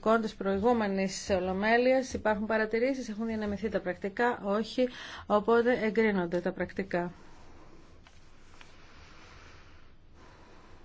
Κοντες λοιπόν τη προηγούμενη Υπάρχουν παρατηρήσεις, έχουν διανεμηθεί τα πρακτικά, όχι, οπότε εγκρίνονται τα πρακτικά.